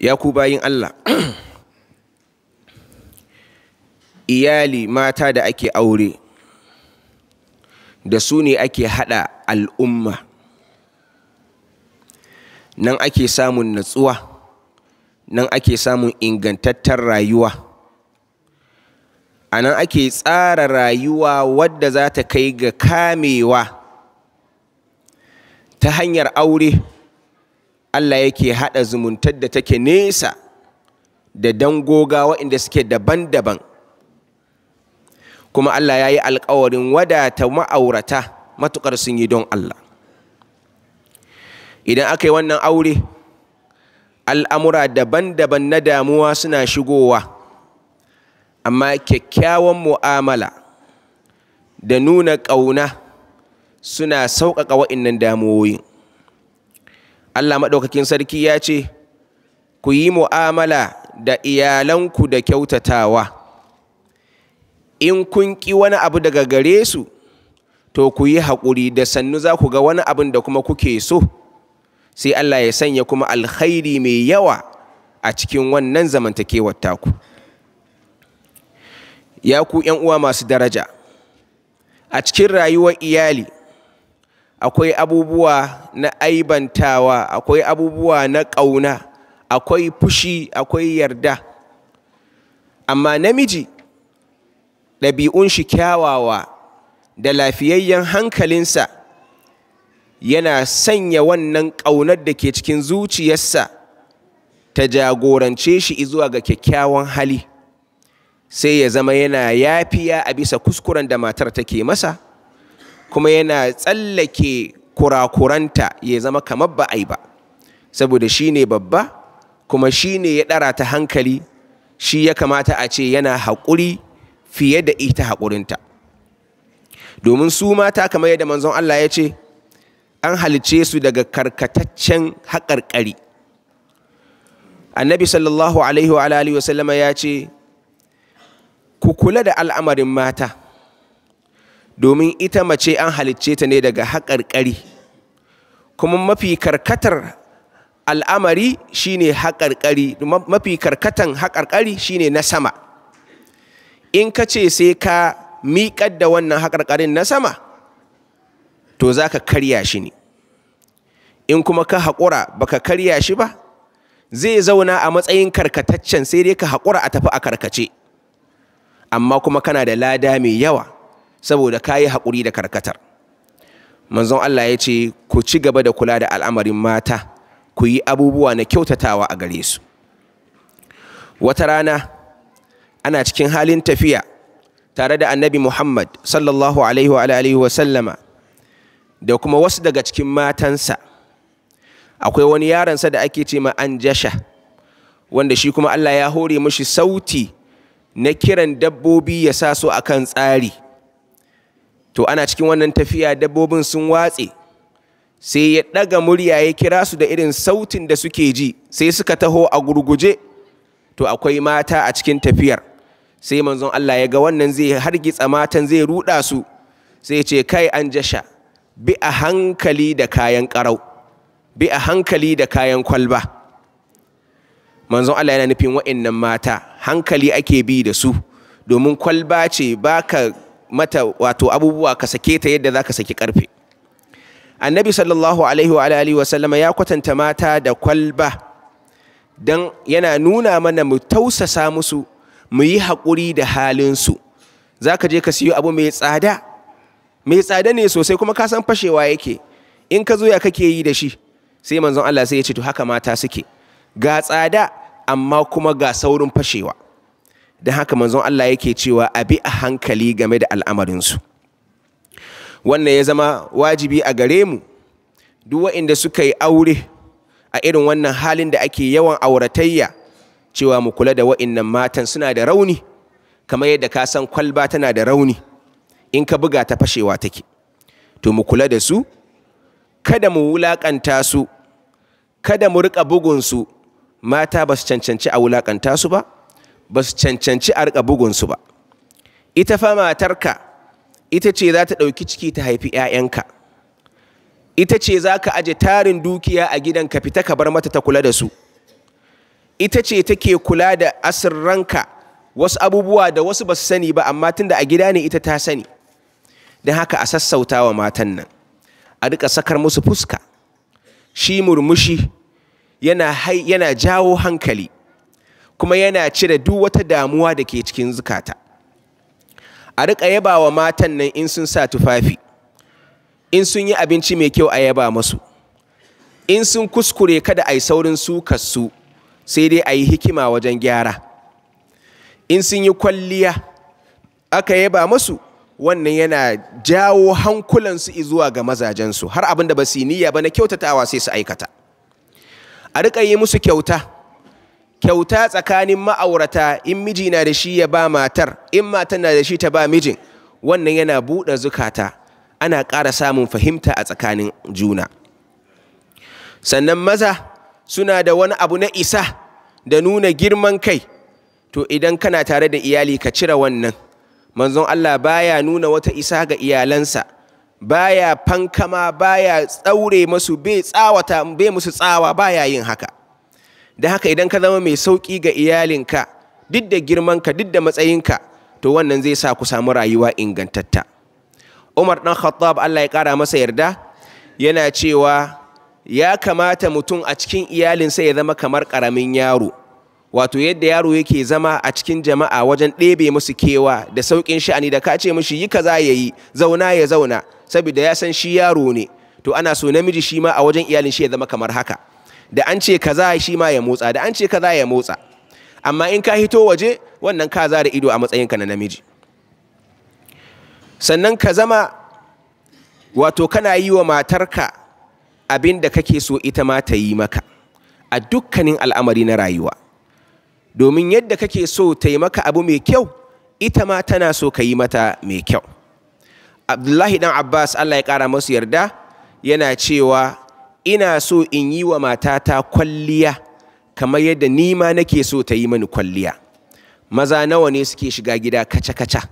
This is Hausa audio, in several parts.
ya ku bayin Allah iyali mata da ake aure da su ne ake haɗa al'umma nan ake samun natsuwa nan ake samun ingantattar rayuwa a nan ake tsara rayuwa wadda za ta kai ga kamewa ta hanyar aure Allah yake haɗa zumuntar da take nesa da dangoga waɗanda suke daban-daban kuma Allah ya yi alkawarin wadata ma'aurata matuƙar sun yi don Allah idan aka yi wannan aure al'amura daban-daban na damuwa suna shigowa amma kyakkyawan mu'amala da nuna ƙauna suna sauƙaƙa waɗannan damuwoyin Allah maɗaukakin sarki ya ce ku yi mu'amala da iyalanku da kyautatawa in kun ƙi wani abu daga gare su to ku yi haƙuri da sannu za ku ga wani abin da kuma kuke so sai Allah ya sanya kuma alkhairi mai yawa a cikin wannan zamantakewar taku ya ku uwa masu daraja a cikin rayuwar iyali akwai abubuwa na aibantawa akwai abubuwa na ƙauna akwai fushi akwai yarda amma namiji ɗabi'un shi kyawawa da lafiyayyen hankalinsa yana sanya wannan ƙaunar da ke cikin zuciyarsa ta jagorance shi zuwa ga kyakkyawan hali sai ya zama yana yafiya a bisa kuskuren da matar take masa kuma yana tsallake kurakuranta ya zama kamar ba a ba saboda shi ne babba kuma shi ne ya ɗara ta hankali shi ya kamata a ce yana haƙuri fiye da ita haƙurinta domin su mata kamar yadda manzon Allah ya ce an halice su daga karkataccen haƙarƙari annabi sallallahu alaihi wa alihi ya ce ku kula da al'amarin mata domin ita mace an halicce ta ne daga haƙarƙari kuma mafi karkatar al'amari shine haƙarƙari mafi karkatan haƙarƙari shine na sama in ka ce sai ka miƙar da wannan haƙarƙarin na sama to za ka karya shi ne in kuma ka haƙura baka karya shi ba zai zauna a matsayin karkataccen sai dai ka haƙura a tafi a karkace amma kuma kana da lada mai yawa saboda ka yi haƙuri da karkatar manzon Allah ya ce ku ci gaba da kula da al'amarin mata ku yi abubuwa na kyautatawa a gare su wata rana ana cikin halin tafiya tare da annabi Muhammad sallallahu alaihi wa alaihi da kuma wasu daga cikin matansa akwai wani yaransa da ake ce ma jasha, wanda shi kuma Allah ya hore mashi sauti na kiran dabbobi ya sa a kan tsari to ana cikin wannan tafiya dabbobin sun watse sai ya ɗaga murya ya kira su da irin sautin da suke ji sai suka taho a gurguje to akwai mata a cikin tafiyar sai manzon Allah ya ga wannan zai hargitsa matan zai ruɗa su sai ce kai an jasha bi a hankali da kayan ƙarau bi a hankali da kayan kwalba manzon Allah yana nufin mata hankali ake bi da su domin kwalba ce baka mata wato abubuwa ka sake ta yadda za ka saki karfe annabi sallallahu alaihi wa alihi wa sallama ya kwatanta mata da kwalba dan yana nuna mana mu tausasa musu mu yi haƙuri da halinsu za ka je ka siyo abu mai tsada mai tsada ne sosai kuma ka san fashewa yake in ka zo kake yi da shi sai manzon Allah sai ya ce to haka mata suke ga tsada amma kuma ga saurin fashewa don haka manzon Allah yake cewa a bi a hankali game da al'amarinsu wannan ya zama wajibi a gare mu duk waɗanda suka yi aure a irin wannan halin da ake yawan auratayya cewa mu kula da waɗannan matan suna da rauni kamar yadda ka san kwalba tana da rauni in ka buga ta fashewa take to mu kula da su kada mu wulaƙanta su kada mu riƙa bugunsu mata ba su cancanci a wulaƙanta su ba ba su cancanci a riƙa bugunsu ba ita fa matarka ita ce za ta ɗauki ciki ta haifi 'ya'yanka ita ce za ka aje tarin dukiya a gidan ka fita ka bar mata ta kula da su ita ce take kula da asirranka wasu abubuwa da wasu ba su sani ba amma tunda a gida ne ita ta sani don haka a sassauta wa matan nan a duka sakar musu fuska shi murmushi yana jawo hankali kuma yana cire duk wata damuwa da ke cikin zukata a riƙa yaba wa matan nan in sun sa tufafi in sun yi abinci mai kyau a yaba masu in sun kuskure kada a yi saurin su sai dai a yi hikima wajen gyara in sun yi kwalliya aka yaba masu wannan yana jawo hankulansu zuwa ga mazajensu har abin da ba su yi niyya ba na kyautatawa sai su aikata a riƙa yi musu kyauta kyauta tsakanin ma'aurata in miji na da shi ya ba matar in matar na da shi ta ba mijin wannan yana buɗe zukata ana ƙara samun fahimta a tsakanin juna sannan maza suna da wani abu na isa da nuna girman kai to idan kana tare da iyali ka cire wannan manzon Allah baya nuna wata isa ga iyalansa baya fankama baya tsaure masu bai tsawata bai musu tsawa baya yin haka da haka idan ka zama mai sauƙi ga iyalinka duk da girmanka duk da matsayinka to wannan zai sa ku samu rayuwa ingantatta umar ɗan khattab allah ya ƙara masa yarda yana cewa ya kamata mutum a cikin iyalinsa ya zama kamar ƙaramin yaro wato yadda yaro yake zama a cikin jama'a wajen ɗebe musu kewa da sauƙin sha'ani da ka ce mishi yi kaza ya yi zauna ya zauna saboda ya san shi yaro ne to ana so namiji shi ma a wajen iyalin shi ya zama kamar haka da an ce kaza shi ma ya motsa da an ce kaza ya motsa amma in ka hito waje wannan ka za da ido a matsayinka na namiji sannan ka zama wato kana yi wa matarka abin da kake so ita ma ta yi maka a dukkanin al'amari na rayuwa domin yadda kake so ta yi maka abu mai kyau ita ma tana so ka yi mata mai kyau abdullahi dan abbas allah ya kara masu yarda yana cewa ina so in yi wa matata kwalliya kamar yadda ni ma nake so ta yi mani kwalliya maza nawa ne suke shiga gida kaca-kaca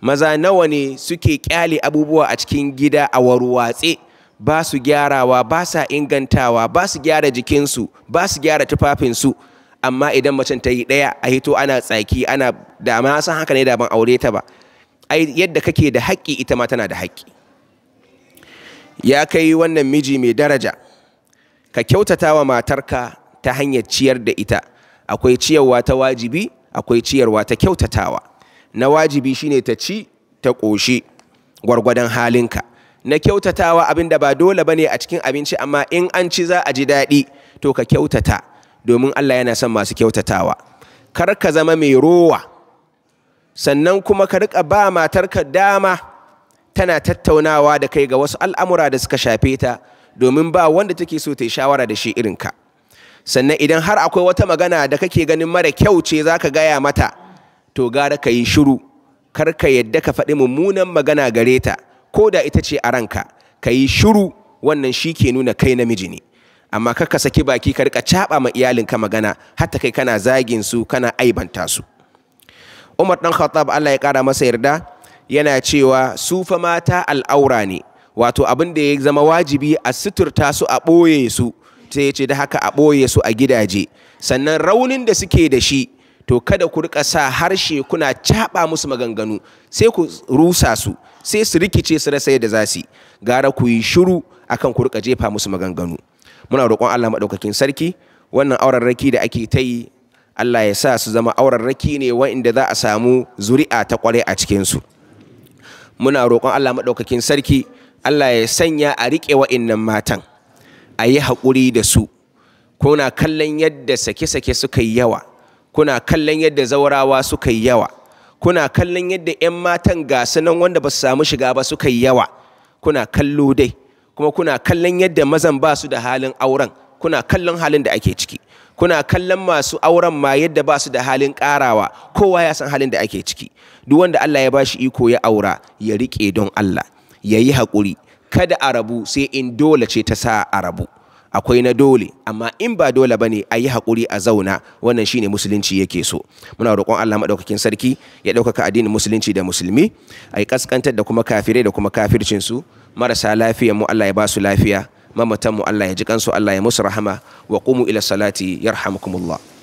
maza nawa ne suke kyale abubuwa a cikin gida a warwatse ba su gyarawa ba sa ingantawa ba su gyara jikinsu ba su gyara tufafinsu amma idan macen ta yi ɗaya a hito ana tsaki ana da ma san haka ne da ban aure ta ba ai yadda kake da haƙƙi ita ma tana da haƙƙi ya kai wannan miji mai daraja ka kyautata wa matarka ta hanyar ciyar da ita akwai ciyarwa ta wajibi akwai ciyarwa ta kyautatawa na wajibi shine ta ci ta ƙoshi gwargwadon halinka na kyautatawa abin da ba dole ba ne a cikin abinci amma in an ci za a ji daɗi to ka kyautata domin Allah yana son masu kyautatawa kar ka zama mai rowa sannan kuma ka riƙa ba matarka dama tana tattaunawa da kai ga wasu al'amura da suka shafe ta domin ba wanda take so ta yi shawara da shi irin ka sannan idan har akwai wata magana da kake ganin mara kyau ce za ka gaya mata to gara ka yi shiru kar ka yadda ka faɗi mummunan magana gare ta ko da ita ce a ranka ka yi shiru wannan shi ke nuna kai namiji ne amma kar ka saki baki ka rika caɓa ma iyalinka magana har ta kai kana zagin su kana aibanta su Umar ɗan Khattab Allah ya kara masa yarda yana cewa su fa mata al'aura ne wato abin da ya zama wajibi a suturta su a ɓoye su sai ya ce da haka a ɓoye su a gidaje sannan raunin da suke da shi to kada ku rika sa harshe kuna caɓa musu maganganu sai ku rusa su sai su rikice su rasa yadda za su gara ku yi shiru akan ku rika jefa musu maganganu muna roƙon Allah maɗaukakin sarki wannan aurarraki da ake ta yi Allah ya sa su zama aurarraki ne wa'inda za a samu zuri'a ta ƙwarai a cikinsu muna roƙon Allah maɗaukakin sarki Allah ya sanya a riƙe wa'innan matan a yi haƙuri da su kuna kallon yadda sake-sake suka yi yawa kuna kallon yadda zaurawa suka yi yawa kuna kallon yadda 'yan matan gasu nan wanda ba su samu shiga ba suka yi yawa kuna kallo dai kuma kuna kallon yadda mazan ba su da halin auren kuna kallon halin da ake ciki kuna kallon masu auren ma yadda ba su da halin ƙarawa kowa ya san halin da ake ciki duk wanda Allah ya ba shi iko ya aura ya riƙe don Allah ya yi haƙuri kada a rabu sai in dole ce ta sa a rabu akwai na dole amma in ba dole ba ne a yi haƙuri a zauna wannan shine musulunci yake so muna roƙon Allah maɗaukakin sarki ya ɗaukaka addinin musulunci da musulmi a yi ƙasƙantar da kuma kafirai da kuma kafircin su marasa lafiyar mu Allah ya basu lafiya mamatan mu Allah ya ji kansu Allah ya musu rahama wa qumu ila salati yarhamukumullah